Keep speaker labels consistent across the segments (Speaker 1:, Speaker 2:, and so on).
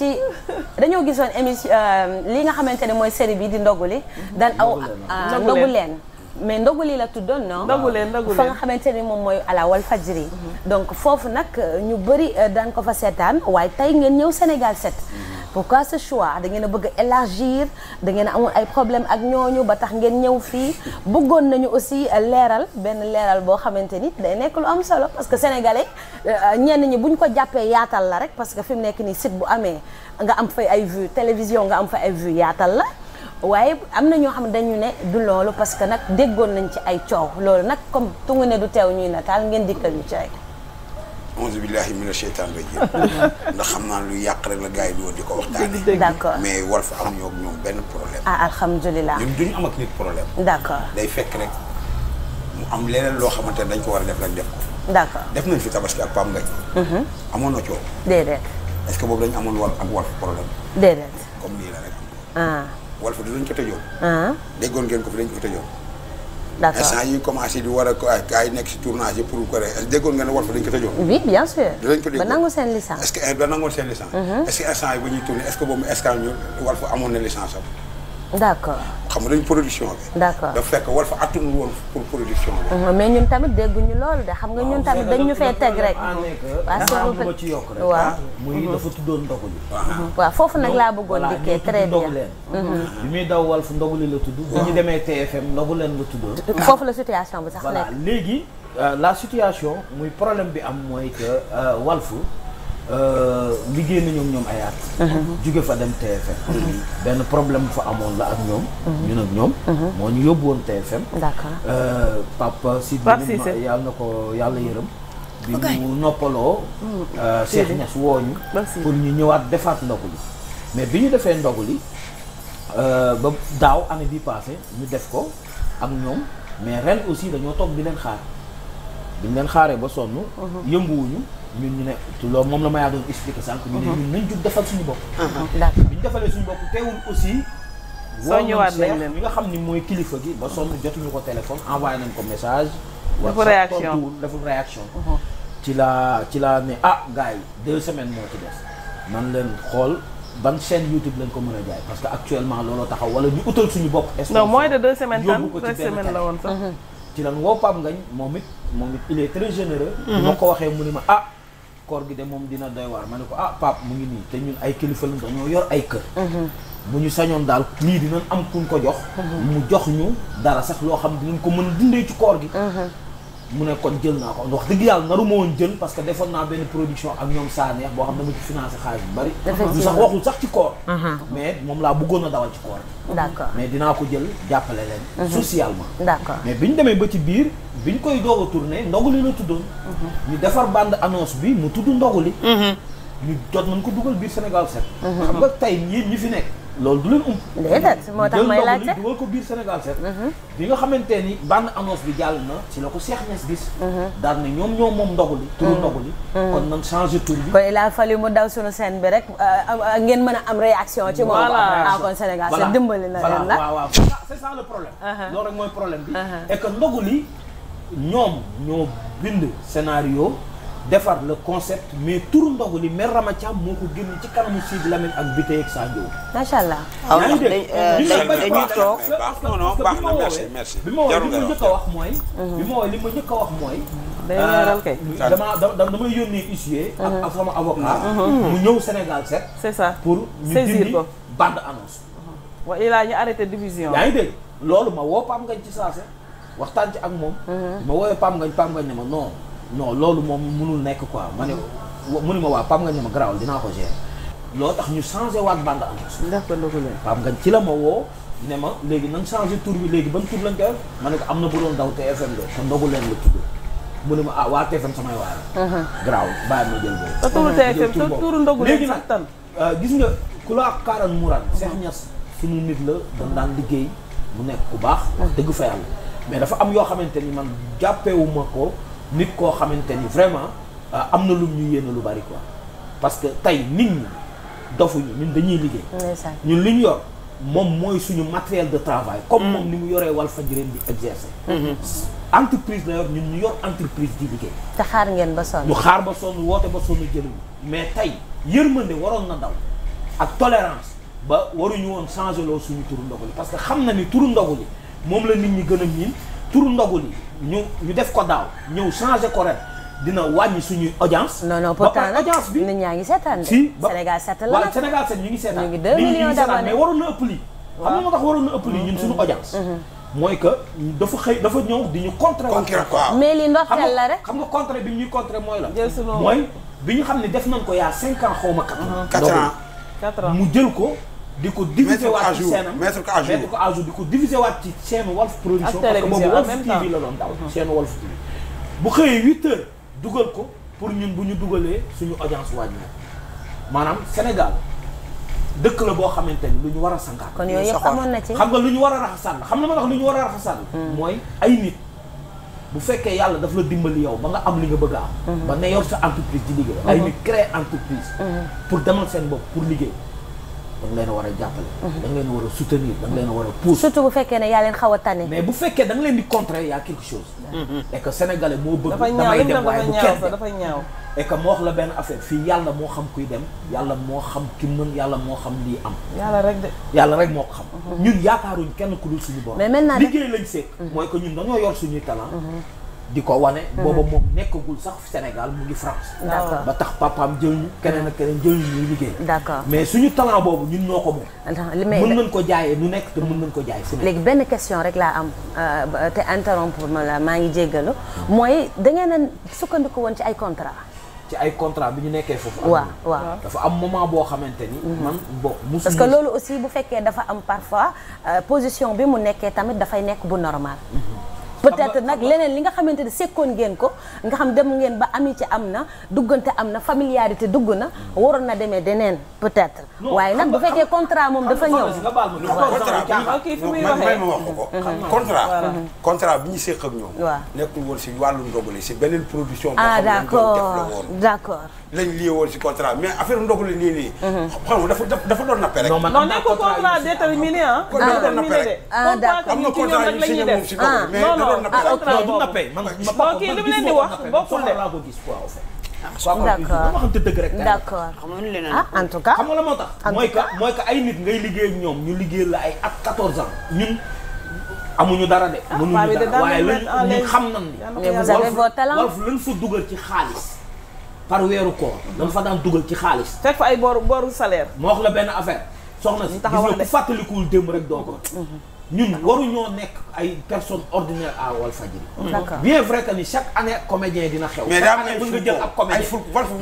Speaker 1: ci dañoo gisoon émission euh, li nga xamante ne mooy seri bi di ndogu li daan aw ndogu euh, leen mais ndogu li la tuddoon non ndogu leen ndogu fa nga xamante ni moom mooy ala wal fajri mhm. donc foofu nag euh, ñu bëri daan ko fa seetaan waaye tey ngeen ñëw Sénégal set mhm. pourquoi ce choix da ngeen a bëgg a élargir da ngeen a ay problème ak ñooñu ba tax ngeen ñëw fii bëggoon nañu aussi leeral benn leeral boo xamante ni day nekk lu am solo parce que sénégalais euh, ñenn ñi bu ñu ko jàppee yaatal la rek parce que fi mu nekk nii sit bu amee nga am fay ay vues télévision nga am fay ay vues yaatal la waaye am na ñoo xam ne dañu ne du loolu parce que nag déggoon nañ ci ay coow loolu nag comme tungu ne du teew ñuy nataal ngeen dikkal ñu ci
Speaker 2: onze billahi mina sheytaan rajim ndax xam naa lu yàq rek la gars yi di woon di ko waxtaanee. d'accord mais war fa am ñoo ñoom benn problème.
Speaker 1: ah alhamdulilah ñun
Speaker 2: duñu am fekk rek mu am leneen loo xamante ne dañ ko war a def rek def ko. d'accord def nañ fi tabaski ak Pam mhm.
Speaker 1: Ngañ. amoon na coow. déedéet.
Speaker 2: est-ce que boobu dañu amoon wal ak wal problème. déedéet comme la rek. Ah. wal fa dinañ ko tëjoon. Ah. déggoon ko fi dañ ko d'accord instant euh, yi commencé di war a gars yi nekk si tournage pour ko rek euh, déggoon nga ne war fa dañ ko tëjoon. bien sûr. ba nangu
Speaker 1: seen licence. est-ce que
Speaker 2: euh, ba nangoon seen licence. Mhm. est-ce que instant yi ba ñuy tourné est-ce que boobu est-ce que war fa amoon na licence am. d' accord xam nga dañ production bi. d' accord fekk wal fa atun pour production
Speaker 1: bi. mais ñun tamit dégguñu loolu de xam nga ñun tamit dañ ñu fee teg rek. waaw soo waa ci yokk rek. waaw muy dafa
Speaker 2: tuddoon ndogu li.
Speaker 1: foofu nag laa bëggoon dikkee très bien.
Speaker 3: bi muy daw wal fu ndogu li la tudd. bu ñu demee TFM ndogu leen la tuddoon.
Speaker 1: foofu la situation bi sax nekk.
Speaker 3: léegi euh, la situation muy problème bi am mooy que euh, walfu Euh, liggéey nañu ñoom ay at. Uh-huh. jóge fa dem TFM. Uh-huh. benn problème fa amoon la ak ñoom. Uh-huh. ñun ak ñoom. moo ñu yóbbu woon TFM. d'accord euh, Papa si. Pape Cissé yàlla na ko yàlla yërëm. bi mu noppaloo. Mm. Euh, Cheikh Niass wooñu pour ñu ñëwaat defaat ndogu li mais bi ñu defee ndogu li ba daaw année bi passé ñu def ko ak ñoom mais ren aussi dañoo toog di leen xaar bi leen xaaree ba sonn. yënguwuñu. ñun ñu ne loolu moom la mayaa doon expliqué sànq. ñu ne mhm. ñun nañ jug defal suñu bopp. Mhm. d'accord bi ñu defalee suñu bopp teewul aussi.
Speaker 4: soo ñëwaat nañ
Speaker 3: leen mi nga xam ni mooy kilifa gi ba sonn jotuñu ko téléphone envoyé nañ ko message. dafa réaction dafa réaction. Mhm. ci laa ci laa ne ah gars yi deux semaines moo ci des. man leen xool ban chaîne YouTube lañ ko mën a jaay parce que actuellement looloo taxaw wala ñu utal suñu bopp. non moins de
Speaker 4: deux semaines tan trois
Speaker 3: ci lan woo Ngañ moom it moom it il est généreux. ma ko waxee mu ne ma ah. koor gi de moom dina doy waar ma ne ko ah pap mu ngi nii te ñun ay kilifa lañ dañoo yor ay kër mhm. bu ñu sañoon daal lii dinañ am kuñ ko jox mhm. mu jox ñu dara sax loo xam dinañ ko mën a dundee ci koor gi mhm. mu ne kon jël naa ko wax dëgg yàlla naru ma woon jël parce que defoon naa benn production ak ñoom Sane boo xam dama ci financé xaalis bu bari. lu sax waxul sax ci koor. Uh-huh. mais moom laa bëggoon a dawal ci koor. d'accord mais dinaa ko jël jàppale leen. Uh-huh. socialement. d'accord mais bi ñu demee ba ci biir bi ñu koy doog a tourné ndogu li la tuddoon.
Speaker 1: Uh-huh.
Speaker 3: ñu defar bande annonce bi mu tudd ndogu li. ñu jot nañ ko dugal biir Sénégal set. xam nga tey yéen ñi fi nekk. loolu du leen um. déedéet moo tax may laajte dugal ko biir Sénégal seet. Mhm. bi nga xamante ni bande annonce bi jàll na ci la ko Cheikh Niass gis. Mhm. daal na ñoom ñoom
Speaker 1: moom ndogu li. turu mhm. ndogu li. kon nan changé tour bi. kon il a fallu mu daw suñu scène bi rek euh, euh, ngeen mën a am réaction. ci moom ah kon Sénégal seet dimbali na leen la waaw waaw
Speaker 3: c'est ça le problème. Uh-huh. loolu rek mooy problème bi. Uh-huh. et que ndogu li ñoom ñoo bind scénario. defar le concept mais turu ndogu li mère Rama Thiam moo ko génn ci kanamu Sidi Lamine ak Biteye ak Sadio.
Speaker 1: macha allah. waaw ah ndax euh, dañuy toog
Speaker 3: non non bi ma woo li ma njëkk wax mooy.
Speaker 1: Mhm. bi ma woo li ma njëkk a wax mooy. day leeral
Speaker 3: kay. Euh, damaa da damay yónnee huissier. ak mhm. sama avocat. Mhm. mu ñëw Sénégal set. c'est ça pour ñu dindi bande annonce. wa ilaa ñu arrêté division. yaa ngi loolu ma woo Pam Ngañ ci saase waxtaan ci ak moom. ma woowee Pam Ngañ Pam Ngañ ne ma non. non loolu moom mënul nekk quoi ma ne mu ni ma waa Pape Ngagne ne ma garaawal dinaa ko gérer loo tax ñu changé waat bande annonce ndax ko ndogu leen Pape nga ci la ma ne ma léegi nañ changé tour bi léegi ban tour lañ koy ma ne ko am na bu doon daw TFM de te leen mu ne ma ah waa TFM samay waay
Speaker 1: garaawal bàyyi ma
Speaker 3: jël boobu te turu TFM turu ndogu leen léegi nag euh, gis nga ku la kaaran Mourane Cheikh Niass suñu nit la dañ daan liggéey mu nekk ku baax wax dëgg fa yàlla mais dafa am yoo xamante ni man jàppewu ma ko nit koo xamante ni vraiment euh, am na lu ñu yéen lu bari ko parce que tey nit ñi dofuñu ñun dañuy liggéey. ñun li ñu yor moom mooy suñu matériel de travail. comme mm. moom ni mu yoree wal Walfadjri bi exercer. Mm-hmm. entreprise la yor ñun ñu yor entreprise di liggéey.
Speaker 1: te xaar ngeen ba sonn. ñu xaar
Speaker 3: ba sonn woote ba sonn jëluñu mais tey yërmande waroon na daw ak tolérance ba waruñu woon changer loo suñu turu ndogu li parce que xam na ni turu ndogu li moom la nit ñi gën a miin turu ndogu li. ñu ñu def ko daaw ñëw changer ko ren dina wàññi suñuy audience. non non pourtant nag audience
Speaker 1: bi nit ñaa ngi seetaan si Sénégal 7 la waaw Sénégal 7
Speaker 3: ñu ngi seetaan. ñu ngi 2 millions d'abonnés mais waroon na ëpp lii. xam nga
Speaker 1: moo tax waroon na ëpp lii ñun suñu
Speaker 3: audience. Mm-hmm. mooy que dafa xëy dafa ñëw di ñu contrer. contrer quoi mais li ndorteel la rek. xam nga contrer bi ñuy contrer mooy la. jël mooy bi ñu xam ne def nañ ko yaa 5 ans xaw ma mu jël ko. di ko diviser waat ci seenam mettre ko à jour mettre ko à jour di ko diviser waat ci seen Walf production bu xëyee huit dugal ko pour ñun bu ñu dugalee suñu audience wàññi maanaam Sénégal dëkk la boo xamante ni lu ñu war a sangaat kon yooyu yëpp amoon
Speaker 1: na ci xam nga lu
Speaker 3: ñu war a raxasal xam na ma wax lu ñu war a raxasal mooy ay nit bu fekkee yàlla daf la dimbali yow ba nga am li nga bëgg am ba ne yor sa entreprise di liggéey ay nit créer entreprise pour demal seen bopp pour liggéey da nga leen war a jàppale. Mhm. da leen war a soutenir da nga leen war a
Speaker 1: pousser. surtout bu fekkee ne yaa leen xaw a tane. mais bu fekkee
Speaker 3: da leen di contrer y a quelque chose. Mhm. et que moo bëgg. dafa ñaaw dafa moo wax la benn affaire fii yàlla moo xam kuy dem yàlla moo xam ki mën yàlla moo xam lii am. yàlla rek de. yàlla rek moo ko xam. Mhm. ñun yaakaaruñ kenn ku dul suñu borom. mais maintenant liggéey lañ seet. mooy que ñun dañoo yor suñuy talent. di ko wane. Mhm. booba moom nekkagul sax Sénégal mu ngi France. ba tax papaam jël ñu. keneen a keneen jël ñu liggéey. d'accord mais suñu talent boobu ñun ñoo ko moom. mën nañ ko jaayee nu nekk te mën
Speaker 1: nañ ko jaay fu nekk. léegi benn question rek laa am euh, te interrompre ma la maa ngi jéggalu mooy da ngeen a sukkandiku woon ci ay contrat
Speaker 3: ci ay contrat bi ñu nekkee foofu. waa waaw dafa am moment boo xamante ni. Mhm. man bon musu parce que loolu
Speaker 1: aussi bu fekkee dafa am parfois euh, position bi mu tamit dafay nekk bu normal. Mhm. peut-être nag leneen li nga xamante ne sekkoon ngeen ko nga xam dem ngeen ba amitié am na duggante am na familiarité dugg na waroon na demee deneen peut-être waaye nag bu fekkee contrat moom dafa ñëw
Speaker 4: may ma wax ko
Speaker 2: contrat contrat bi ñu séq ak ñoom waaw nekkul woon si wàllu ndogale si beneen production ah d'accord d'accord lañ lii woon si contrat mais affaire ndogale nii nii mhm. xam nga dafa dafa doon nappe rek non nekkul
Speaker 3: contrat
Speaker 1: déterminé ah déterminé ah. de am na ah,
Speaker 3: contrat yu signé moom leen di wax bokkul de laa ko gis quoi
Speaker 5: d'accord d'accord ah en
Speaker 1: tout cas xam nga la moo tax
Speaker 3: mooy que mooy que ay nit ngay liggéey ak ñoom ñu liggéey la ay at 14 ans ñun amuñu dara de ah, mënuñu dara waaye lañu ah, xam nan ni vous avez vos talents wolof lañ fa dugal ci xaalis par weeru koor lañ fa daan dugal ci xaalis fekk fa ay booru booru salaire moo wax la benn affaire soxna si gis nga ku fàttalikuwul démb rek doo ko mm-hmm. ñun waruñoo nekk ay personnes ordinaires à Walfadjri. bien vrai que ni chaque année comédien dina xew. mais daa mën nga jël ab comédien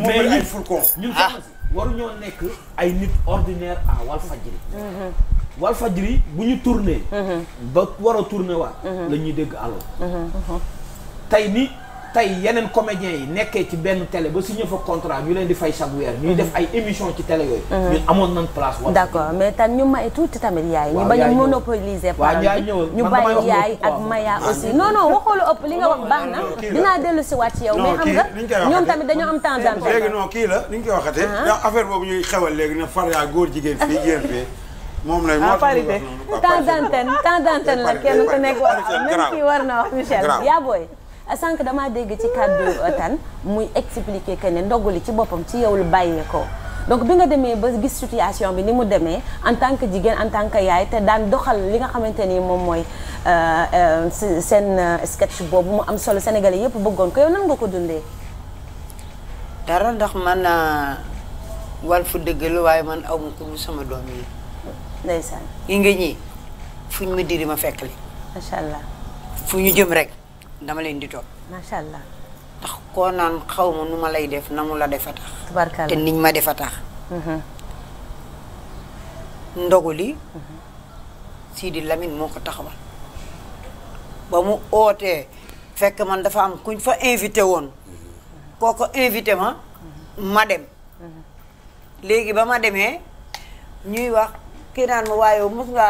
Speaker 3: mais ay fulcon ñun ah. waruñoo nekk ay nit ordinaire à Walfadjri. Mhm. Walfadjri bu ñu tourné. Mhm. ba war a tourné waat. Mhm. la ñuy dégg àll tey ni tey yeneen comédiens yi nekkee ci benn télé ba signé fa contrat ñu leen di fay chaque weer. def ay émission ci télé yooyu. Mm-hmm. ñun amoon
Speaker 1: nañ place. wala d' accord mais tam ñu may tuuti tamit yaay. ñu bañ a monopoliser. waaw yaay yaay ak Maya aussi. non waxoolu ëpp li nga wax baax na. dinaa dellu si waat ci mais xam nga ñoom tamit dañoo am temps d' antenne. léegi non
Speaker 2: kii la ni ñu koy waxatee. Ah. ndax affaire boobu ñuy xewal léegi ne far yaa góor jigéen fii jigéen ah,
Speaker 1: d' antenne kenn ku nekk war na wax Michel yaa booy sànq damaa dégg ci kàddu euh, tan muy expliquer que ne ndogu li ci boppam ci yow lu bàyyeekoo donc bi nga demee ba gis situation bi ni mu demee en tant que jigéen en tant que yaay te daan doxal li nga xamante ni moom mooy euh, euh, seen sketch boobu mu am solo sénégalais yëpp bëggoon ko yow nan nga ko dundee.
Speaker 5: dara ndox man wal fu dëgg la waaye man aw ko sama doom yi. ndeysaan yi nga ñii fuñ ma diri ma fekk li. macha allah fu ñu jëm rek. dama leen di toog macha allah. ndax koo naan xaw ma nu ma lay def na mu la defa tax. te niñ ma defa tax. Mm-hmm. ndogu mm-hmm. sii di lamin moo ko taxawal. ba mu ootee fekk man dafa am kuñ fa invité woon. Mm-hmm. kooko invité ma. ma dem. léegi ba ma demee ñuy wax kii naan ma waaye mos nga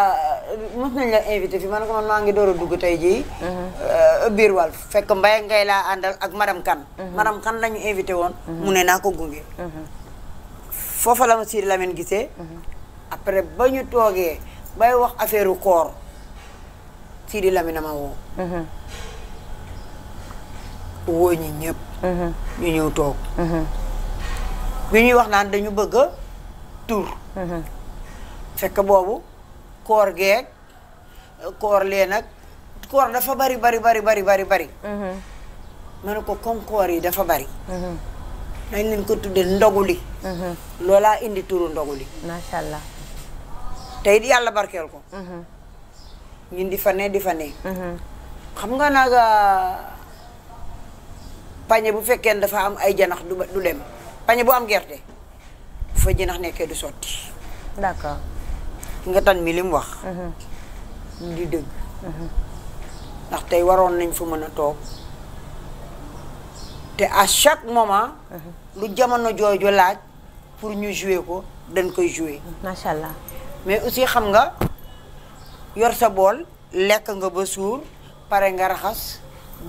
Speaker 5: mos nañ la invité fii man ko man maa ngi door a dugg tey jii. Uh-huh. Uh, biir wàll fekk Mbaye ngay laa àndal ak madame Kane. Uh-huh. madame Kane la invité woon. Uh-huh. mu ne naa ko gunge. foofa la ma Sidi Lamine gisee. après toogee bay wax affaire koor Sidi Lamine ma woo. woo ñi ñëpp. ñu ñëw toog. bi ñuy wax naan dañu bëgg a tur. fekk boobu. koor geeg koor lee nag koor dafa bari bari bari bari bari bari mhm. ma ne ko comme koor yi dafa bari mhm. nañ leen ko tudde ndoguli mhm. loolaa indi turu ndoguli macha allah tey di yàlla barkeel ko ñun di fa ne di fa ne xam nga nag ah, pañe bu fekkee ne dafa am ay janax du dem pañe bu am gerte foo fa janax nekkee du sotti d'accord nga tan mi li mu wax mhm. di dëgg mhm. ndax tey waroon nañ fa mën a toog te à chaque moment mhm. lu jamono jooju laaj pour ñu jouer ko dañ koy jouer macha allah mais aussi xam nga yor sa bool lekk nga ba suur pare nga raxas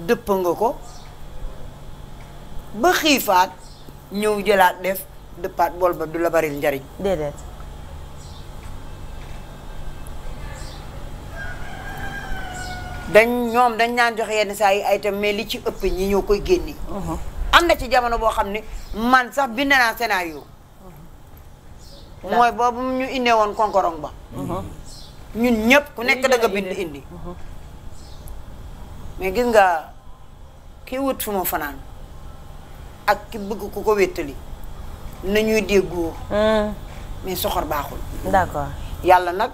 Speaker 5: dëpp nga ko ba xiifaat ñëw jëlaat def dëppaat bool ba du la bari njariñ dañ ñoom dañ naan joxe yenn saa yi ay itam mais li ci ëpp ñi ñoo koy génne. Uh-huh. am na ci jamono boo xam ne man sax bind naa scénario. Uh-huh. mooy boobu ñu indee woon konkorong ba. Uh-huh. ñun ñëpp ku nekk danga bind indi. mais gis nga kii wut fu ma fanaan ak ki bëgg ku ko wéttali nañuy déggoo. Hmm. mais soxor baaxul. yàlla nag.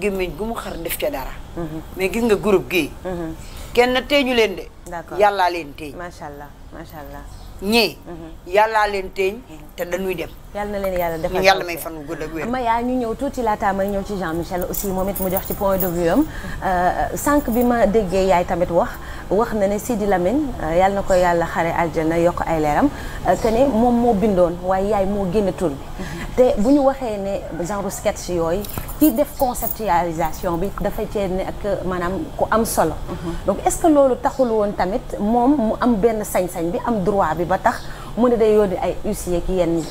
Speaker 5: gémmiñ gu mu xar def ca dara. Mhm. mais gis nga group gii. Mhm. kenn teeñu leen de. d'accord yàllaa leen teeñ. macha allah macha allah. ñii. Mhm. yàllaa leen teeñ te dañuy dem. yàlla na leen yàlla defal yàlla may fan gudd ak wér. ma
Speaker 1: yaa ñu ñëw tuuti laataa may ñëw ci Jean Michel aussi moom it mu jox ci point de vue am euh, sànq bi ma déggee yaay tamit wax. wax na ne Sidi Lamine euh, yàlla na ko yàlla xare aljana yokk ay leeram euh, que ne moom moo bindoon waaye yaay moo génn tur bi te bu ñu waxee ne genre sketch yooyu kii def conceptualisation bi dafa ne ak maanaam ku am solo donc est-ce que loolu taxul woon tamit moom mu am benn sañ-sañ bi am droit bi ba tax mu ne day yónni ay huissier ki yenn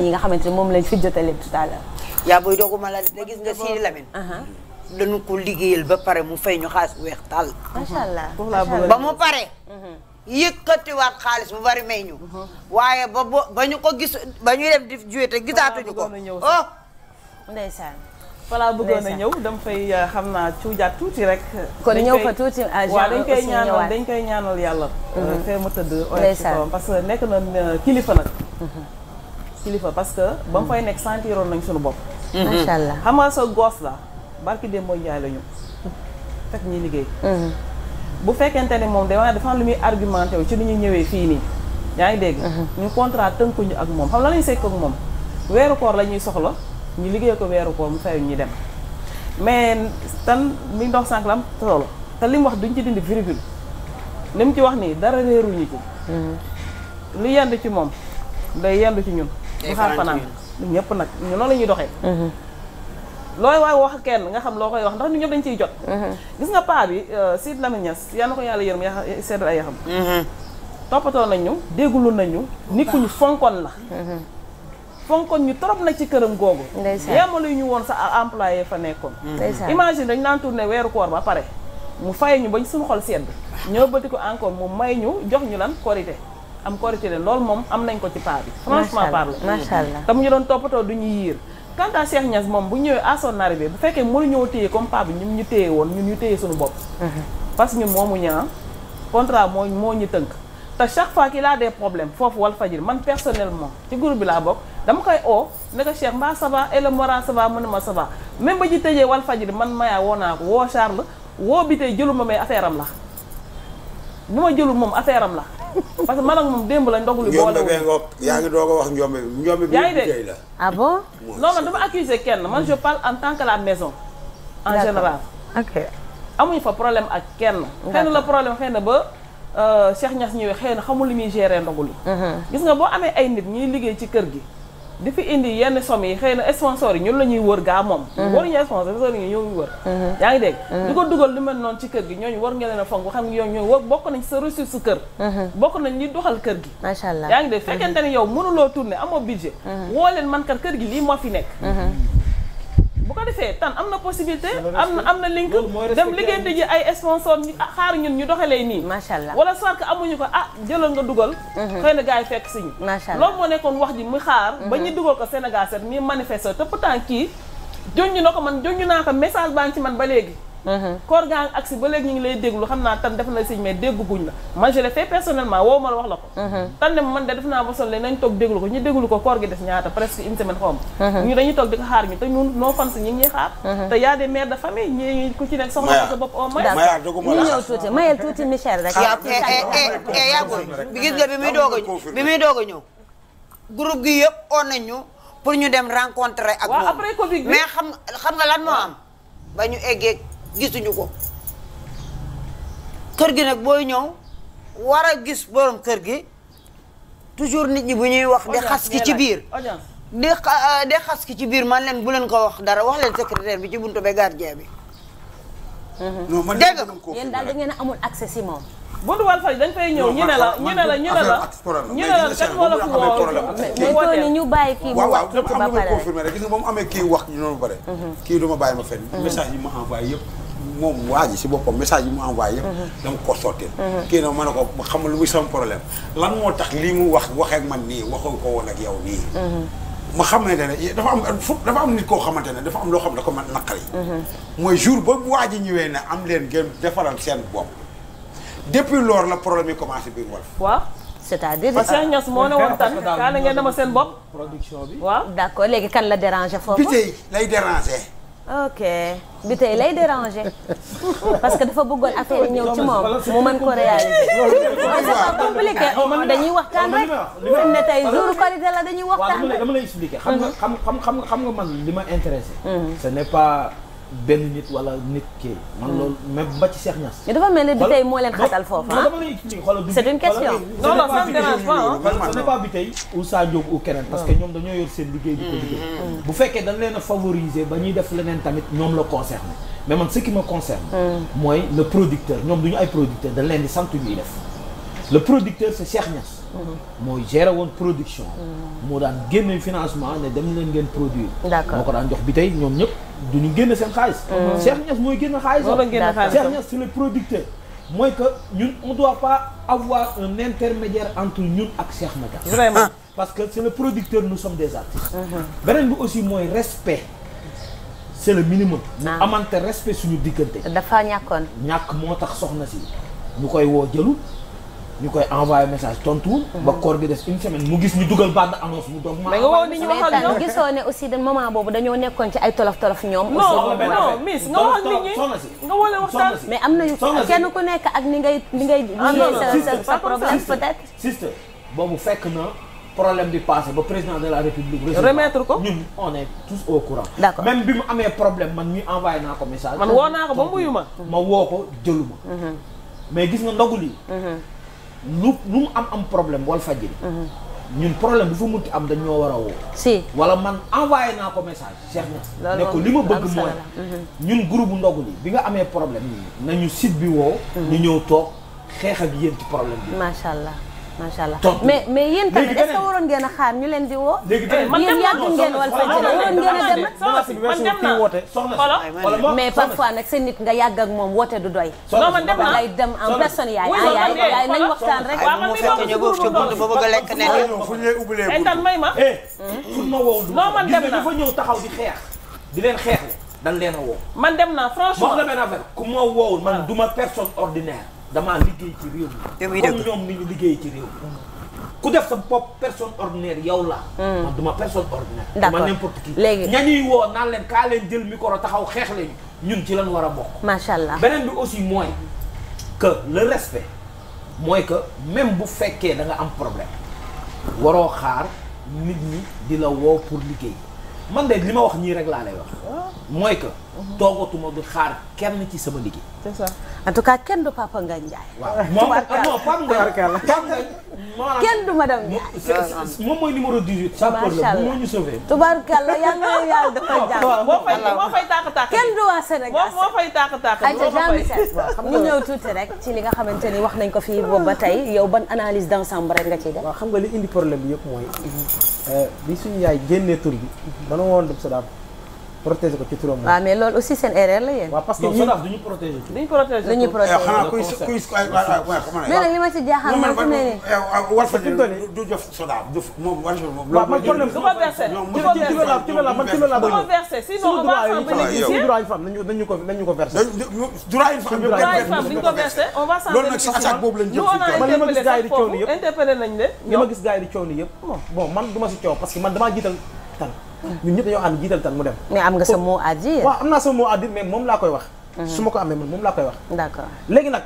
Speaker 1: yi nga xamante ne moom lañ fi jotale tout
Speaker 5: à l'heure yaa booy dooguma la gis nga Sidi Lamine uh-huh. dañu ko liggéeyal ba pare mu fay ñu xaalis bu weex tàll. macha allah ba mu pare. Mhm. yëkkatiwaat xaalis bu bari may ñu. Mhm. waaye ba bo ba ñu ko gis ba ñu dem di juwe te gisaatuñu ko. oh ndeysaan.
Speaker 4: voilà bëggoon a ñëw oh! dama fay euh, xam naa cuujaat tuuti rek. kon ñëw fa tuuti à genre dañ koy ñaanal dañ koy ñaanal yàlla. Mhm. Euh, fee ma tëdd oyof ci kawam parce que nekk na euh, kilifa nag. kilifa parce que. ba mu fay nekk sentiroon nañ suñu bopp. macha allah xam nga sa goos la. barki dem mooy njaay la fekk ñuy liggéey mhm. bu fekkente ne moom de dafa am lu muy argumenté wu ci lu ñuy ñëwee fii nii yaa ngi dégg mhm. ñu contrat tënkuñu ak moom xam la lañu sekk ak moom weeru koor la ñuy soxla ñu liggéey ko weeru koor mu fayu ñu dem mais tan mi ndox sànq la am te li wax duñ ci dindi virgule li mu ci wax nii dara réeruñu ci mhm. lu yendu ci moom day yendu ci ñun bu xaar fanaan ñëpp nag ñu noonu la ñuy doxee looy waay wax kenn nga xam loo koy wax ndax ñun ñëpp dañ ciy jot. Mhm. gis nga paa bi euh, Sidy Lamine Niass yal na ko yàlla yërëm yaa seddal ay yaxam. Mhm. toppatoo nañ ñu dégglu nañ ñu. nit ku ñu fonkoon la. Mhm. fonkoon ñu trop nag ci këram googu. ndeysaan yemaluñu woon sa employé fa nekkoon. ndeysaan imagine dañ naan tourné weeru koor ba pare. mu fay ñu bañ suñu xol sedd. ñoo bëti ko encore mu may ñu jox ñu lan korité am korité leen loolu moom am nañ ko ci paa bi. franchement parle macha allah te mu ñu quant à Cheikh moom bu ñëwee à son bu fekkee mënuñoo téye comme paa bi ñun ñu téye woon ñun ñu téye suñu bopp. Mhm. parce que ñun moomu ñaa contrat moo moo ñu tënk. te chaque fois qu'il a des problèmes foofu wal fajir man personnellement ci groupe bi laa bokk dama koy oo ne ko Cheikh mbaa ça va et le moral ne ma ça va même ba ci tëjee wal fajir man mayaa woo naa ko woo Charles woo bi tey jëluma may affaire am la. bu ma jëlul moom affaire am la parce que man ak moom démb la ndogu li boole
Speaker 2: yaa ngi doog ko wax njombe bi njombe bi yaa ngi dégg la
Speaker 4: ah bon non man kenn man je parle tant que la maison en général fa problème ak kenn xëy la problème xëy na ba euh, Cheikh Niass ñëwee xëy xamul li muy gere ndogu li mhm. gis nga boo amee ay nit ñuy liggéey ci kër gi di fi indi yenn somme yi xëy na sponsor yi ñun la ñuy wër gaa moom mhm. waruñu sponsor yi ñoo ñuy wër mhm. yaa ngi dégg mhm. di dugal li mel noonu ci kër gi ñooñu war nga leen a fonk xam nga ñooñu ñooñu war bokk nañ sa ressource kër bokk nañ li doxal kër gi
Speaker 1: macha allah yaa ngi
Speaker 4: dégg fekkente ne yow mënuloo tourner amoo budget woo leen man kat kër gi lii moo fi nekk bu ko defee tan am na possibilité am na am na link dem liggéeyante ji ay sponsor ñu ah, xaar ñun ñu doxalee nii macha allah wala soit que amuñu ko ah jëlal nga dugal mhm. xëy na gars yi fekk siñu loolu moo nekkoon wax ji mu xaar mhm. ba ñi dugal ko Sénégal set mi manifesté te tànk kii jonñu na ko man jonñu naa ko message baa ngi ci man ba léegi Uh-huh. koor gaa ngi agsi ba léegi ñu ngi lay déglu xam naa tan def na siñ mais dégg buñ la man je l'ai fait personnellement ma la wax la ko uh-huh. tan ne man de def naa ba sonle nañ toog déglu ko ñu déglu ko koor gi des ñaata presque une semaine uh-huh. ñu dañuy toog di ko xaar ñu te ñun noo a des mères de famille ñi ku ci nekk soxla sa bopp au oh, moins
Speaker 1: ñu ñëw tuuti mayel tuuti Michel rek eh,
Speaker 5: eh, eh, yàggul bi gis nga bi muy doog a bi muy doog a ñëw groupe gi yëpp on nañ ñu pour ñu dem rencontrer ak moom mais xam xam nga lan moo am ba ñu gisuñu ko kër gi nag booy ñëw war a gis borom kër gi toujours nit ñi bu ñuy wax di xas ki ci biir di di xas ki ci biir man leen bu leen ko wax dara wax leen secrétaire bi ci buntu ba gardien bi mhm. dégg nga yéen daal da ngeen a amul accès si moom buntu Walfadjri ñu la ñu ne la ñu
Speaker 1: ne bàyyi kii mu wax ba pare
Speaker 2: rek mhm. gis kii wax bàyyi ma fenn mhm. message yi ma envoyé yëpp moom waa si boppam message yi mu envoyé yëpp mhm. dama ko sotteel mhm. kii nag ma ne ko xam nga lu muy sama problème lan moo tax lii mu wax waxee ak man nii waxoo ko woon ak yow nii mhm. ma xamante ne dafa am fu dafa am nit koo xamante ne dafa am loo xam ne da ko mën naqari mooy jour ba waa ji ñëwee ne am leen ngeen defaral seen bopp depuis loolu la problème yi commencé biir wala
Speaker 1: waaw c'est-à-dire parce seen ñas moo ne woon tan kaa na ngeen dama seen bopp d'accord léegi kan la déranger foofu bi
Speaker 2: tey
Speaker 1: ok bi tey lay déranger parce que dafa bëggoon affaire yi ñëw ci moom mu mën ko réaliser. c'est pas compliqué dañuy waxtaan rek. fi ne tey jour Korité la dañuy waxtaan rek. waaw dama
Speaker 3: lay expliquer. xam nga xam xam xam nga man li ma intéressé. Mhm. ce n'est pas. benn nit wala nit kii. man hmm. loolu même ba ci Cheikh Niass. mais
Speaker 1: dafa mel ni bi tey moo leen xatal foofu ah. c'est une question. non non ça ne dérange
Speaker 3: pas ce n'est pas bi ou Sa Diop ou keneen. parce que hmm. ñoom dañoo yor seen liggéey di ko liggéey. Hmm, bu fekkee dañ leen a favoriser ba ñuy def leneen tamit ñoom la concerné mais man ce qui me concerne. mooy le producteur ñoom du ñu ay producteur dañ leen di sant ñuy def. le producteur c'est Cheikh Niass. Mhm. moo géré woon production.
Speaker 1: Mhm.
Speaker 3: moo daan génne financement ne dem leen ngeen produire. moo ko daan jox bi tey ñoom ñëpp du ñu génne seen xaalis. Mhm. Cheikh Niass mooy génn xaalis. moo doon génne xaalis Cheikh Niass c'est producteur. mooy que ñun on doit pas avoir un intermédiaire entre ñun ak Cheikh Niass. vraiment ah. parce que c'est le producteur nous sommes des artistes. beneen bi aussi mooy respect. c'est le minimum. mu ah. amante respect suñu diggante. dafa ñàkkoon. ñàkk moo tax soxna si ñu koy woo jëlu. ñu koy envoyé message tontuwul. ba mm-hmm. koor gi des une semaine mu gis ñu dugal bande annonce mu doog. maa ngi
Speaker 1: ni ñu waxal ñoom gisoo ne aussi de moment boobu nga wax nit
Speaker 4: ñi nga am na
Speaker 1: kenn ku nekk ak ni ngay ni ngay. Ah, sa sa problème
Speaker 3: fekk na problème bi passé ba président de la république. remettre ko ñun bi mu amee problème man ñu envoyé naa ko message. man woo naa ko ba muyu ma. ma woo ko jëlu ma. Mm-hmm. mais gis nga ndogu lii mm-hmm. lu lu mu am am problème wal fajiri mhm. ñun problème bu fa muti am dañ ñoo war a woo si wala man envoyé naa ko
Speaker 1: message Cheikh na ne ko li ma bëgg mooy mhm.
Speaker 3: ñun groupe ndogu li bi nga amee problème nañu site bi woo mhm. ñu ñëw toog xeex ak yéen problème bi macha
Speaker 1: allah macha allah mais mais tamit est waroon ngeen a xaar ñu leen di woo. léegi yéen yàgg ngeen wal faj waroon ngeen a dem nag. nit nga yàgg ak moom woote du doy. soxna man dem na dem man a lekk ne leen. fu ñu ma. dem na dafa ñëw taxaw
Speaker 4: di
Speaker 3: xeex di
Speaker 4: man dem na franchement wax la benn
Speaker 3: affaire ku ma woowul man duma personne ordinaire damaa liggéey ci réew mi. comme ñoom ni ñu liggéey ci réew mi. ku def sa pop personne ordinaire yow la. Hmm. man duma personne ordinaire. d'accord man n'importe
Speaker 1: qui. léegi ñañuy
Speaker 3: woo naan leen kaa leen jël micro taxaw xeex leen ñun ci lan war a bokk.
Speaker 1: macha allah beneen
Speaker 3: bi aussi mooy que le respect mooy que même bu fekkee danga am problème waroo xaar nit ñi di la woo pour liggéey man de li ma wax ñii rek laa lay wax mooy que. toogatuma bi xaar kenn ci sama liggéey.
Speaker 1: c'est ça en kenn du Papa Ngagne Ndiaye.
Speaker 3: waaw moom ah, non Papa Ngagne Papa
Speaker 1: Ngagne. kenn du madame Ndiaye. moom mooy numéro 18. macha allah sans problème moo ñu sauvé. tubaarkalla yal na yàlla dafa jàmm. moo fay moo
Speaker 4: fay tàq tàq. kenn du waa Sénégal moo fay tàq
Speaker 1: ñëw tuuti rek ci li nga xamante ni wax nañ ko fii boobu ba tey yow ban analise analyse semb rek nga ciy def.
Speaker 3: xam nga li indi problème bi yëpp mooy. Euh, bi suñu yaay génnee tur bi. dana woon dem sa
Speaker 2: protéger ko ci turam.
Speaker 1: waaw mais loolu aussi seen erreur la yéen. waaw parce que ñun du ñu protéger. du ñu protéger
Speaker 2: du ñu protéger. Eh, xanaa kuy kuy ay ay waaw xam nga. mais nag
Speaker 1: li ma si jaaxal man fi mu ne nii. Eh,
Speaker 2: eh, war fa du jof soda du moom war moom. waaw man problème du ma versé du ma versé ci la ci la man ci la. du ma
Speaker 4: versé sinon on va s'en
Speaker 2: bénéficier. suñu droit yi femme nañu nañu ko nañu ko versé. droit yi femme
Speaker 3: nañu ko
Speaker 4: versé on va s'en bénéficier. loolu nag attaque boobu lañ jëm si man li ma gis gars yi di coow ni yëpp
Speaker 3: interpellé nañ leen. li ma gis gars yi di coow ni yëpp bon man du ma si coow parce que man damaa jiital tan ñun ñëpp dañoo ànd jiital tan mu dem. mais am nga sa mot à dire. waaw am naa sa mot à mais moom laa koy wax. Mhm. su ma ko amee man moom laa koy wax. d'accord léegi nag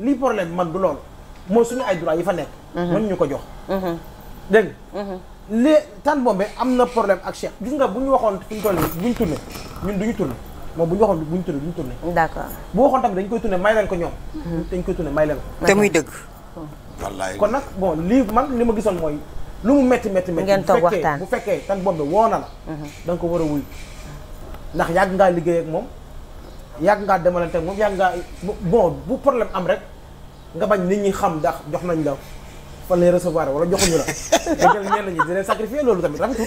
Speaker 3: lii problème man du loolu mooy suñu ay droit yi fa nekk. Mhm. mën ñu ko jox. Mhm. dégg li Tane Bombe am na problème ak Cheikh gis nga bu ñu waxoon fi ñu toll ñu tourné ñun du ñu tourné moom bu ñu waxoon bu ñu tourné du ñu tourné. d'accord bu waxoon tamit dañ koy tourné may leen ko ñoom. dañ koy tourné may leen ko. te muy dëgg.
Speaker 2: wallaay kon nag
Speaker 3: bon lii man li ma gisoon mooy. lu mu métti métti métti ngeen toog waxtaan bu fekkee tan bombe woo na la mhm. da nga ko war a wuy ndax yàgg ngaa liggéey ak moom yàgg ngaa demalante ak moom yàgg ngaa bon bu problème am rek nga bañ nit ñi xam ndax jox nañ la fan lay recevoir wala joxuñu la nga jël ñenn ñi di leen sacrifier loolu tamit rafetul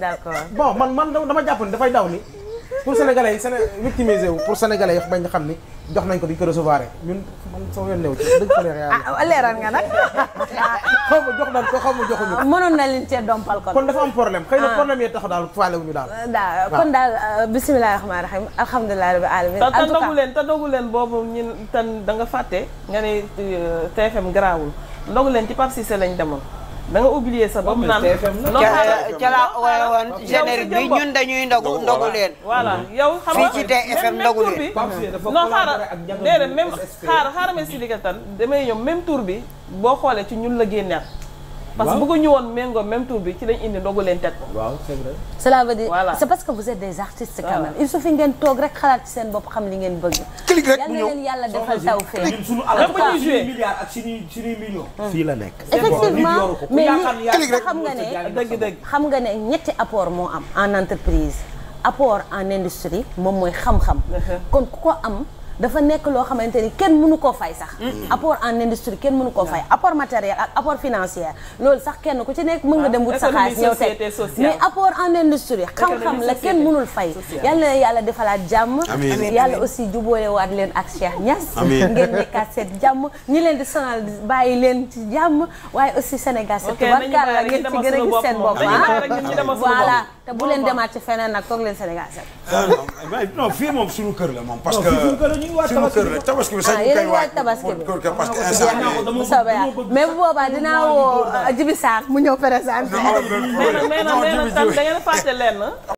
Speaker 3: d'accord bon man man dama jàpp ni dafay daw ni pour sénégalais yi séné victimisé wu pour sénégalais yi bañ xam ni jox nañ ko di ko recevoir ñun man sama yoon néew ci dëgg fa leer
Speaker 1: ah leeral nga nag
Speaker 3: xaw ma jox nañ na leen cee dompal ko kon dafa am problème xëy na ah. problème yee tax daal faale wuñu daal
Speaker 1: euh, daal kon daal euh, bisimilah rahmaani rahim alhamdulilah rabbi alamin te ndogu
Speaker 3: leen te ndogu leen boobu
Speaker 4: ñun tan da nga fàtte nga ne euh, TFM garaawul ndogu leen ci Pape lañ demoon da nga oublier sa bopp naan ca la woon générique bi ñun dañuy ndogu ndogu leen. voilà yow xam nga fii ci TFM ndogu leen. non xaaral déedéet même xaaral xaaral ma si liggéey tan damay ñoom même tour bi boo xoolee ci ñun la génnaat. parce que bëgguñu woon méngoo tour bi ci lañ indi ndogu teg ko. waaw c'est vrai.
Speaker 1: cela veut dire voilà. c'est parce que vous êtes des artistes quand même il suffit ngeen toog rek xalaat seen bopp xam li ngeen bëgg. clic rek mu ñëw yàlla defal taw fee. clic suñu alal ba
Speaker 3: ñuy ak suñuy suñuy millions. Hmm. la nekk. effectivement mais
Speaker 1: ñi xam nga ne dëgg dëgg xam nga ne ñetti apport moo am en entreprise apport en industrie moom mooy xam-xam uh-huh. kon ku ko am dafa nekk loo xamante ni kenn mënu koo fay sax mm-hmm. apport en industrie kenn mënu koo fay apport matériel ak apport financier loolu sax kenn ku ci nekk mën nga ah, dem bu sa xaalis ñëw teg mais apport en industrie xam-xam la kenn mënul fay yàlla na yàlla defalaat jàmm yàlla aussi jubóole waat leen ak Cheikh Niass ngeen nekkaat seet jàmm ñi leen di sonal bàyyi leen ci jàmm waaye aussi Sénégal set ngeen ci gën a gis seen bopp ah. voilà te bu leen demaat ci feneen nag toog leen Sénégal set
Speaker 2: euh, fii moom suñu kër la moom parce que suñu kër la tabaski bi sax ñu koy waaj tabaski bi parce que instant
Speaker 1: bu soobee mais bu boobaa dinaa woo Jibi mu ñëw présenté.
Speaker 4: mais nag mais nag da ngeen fàtte leen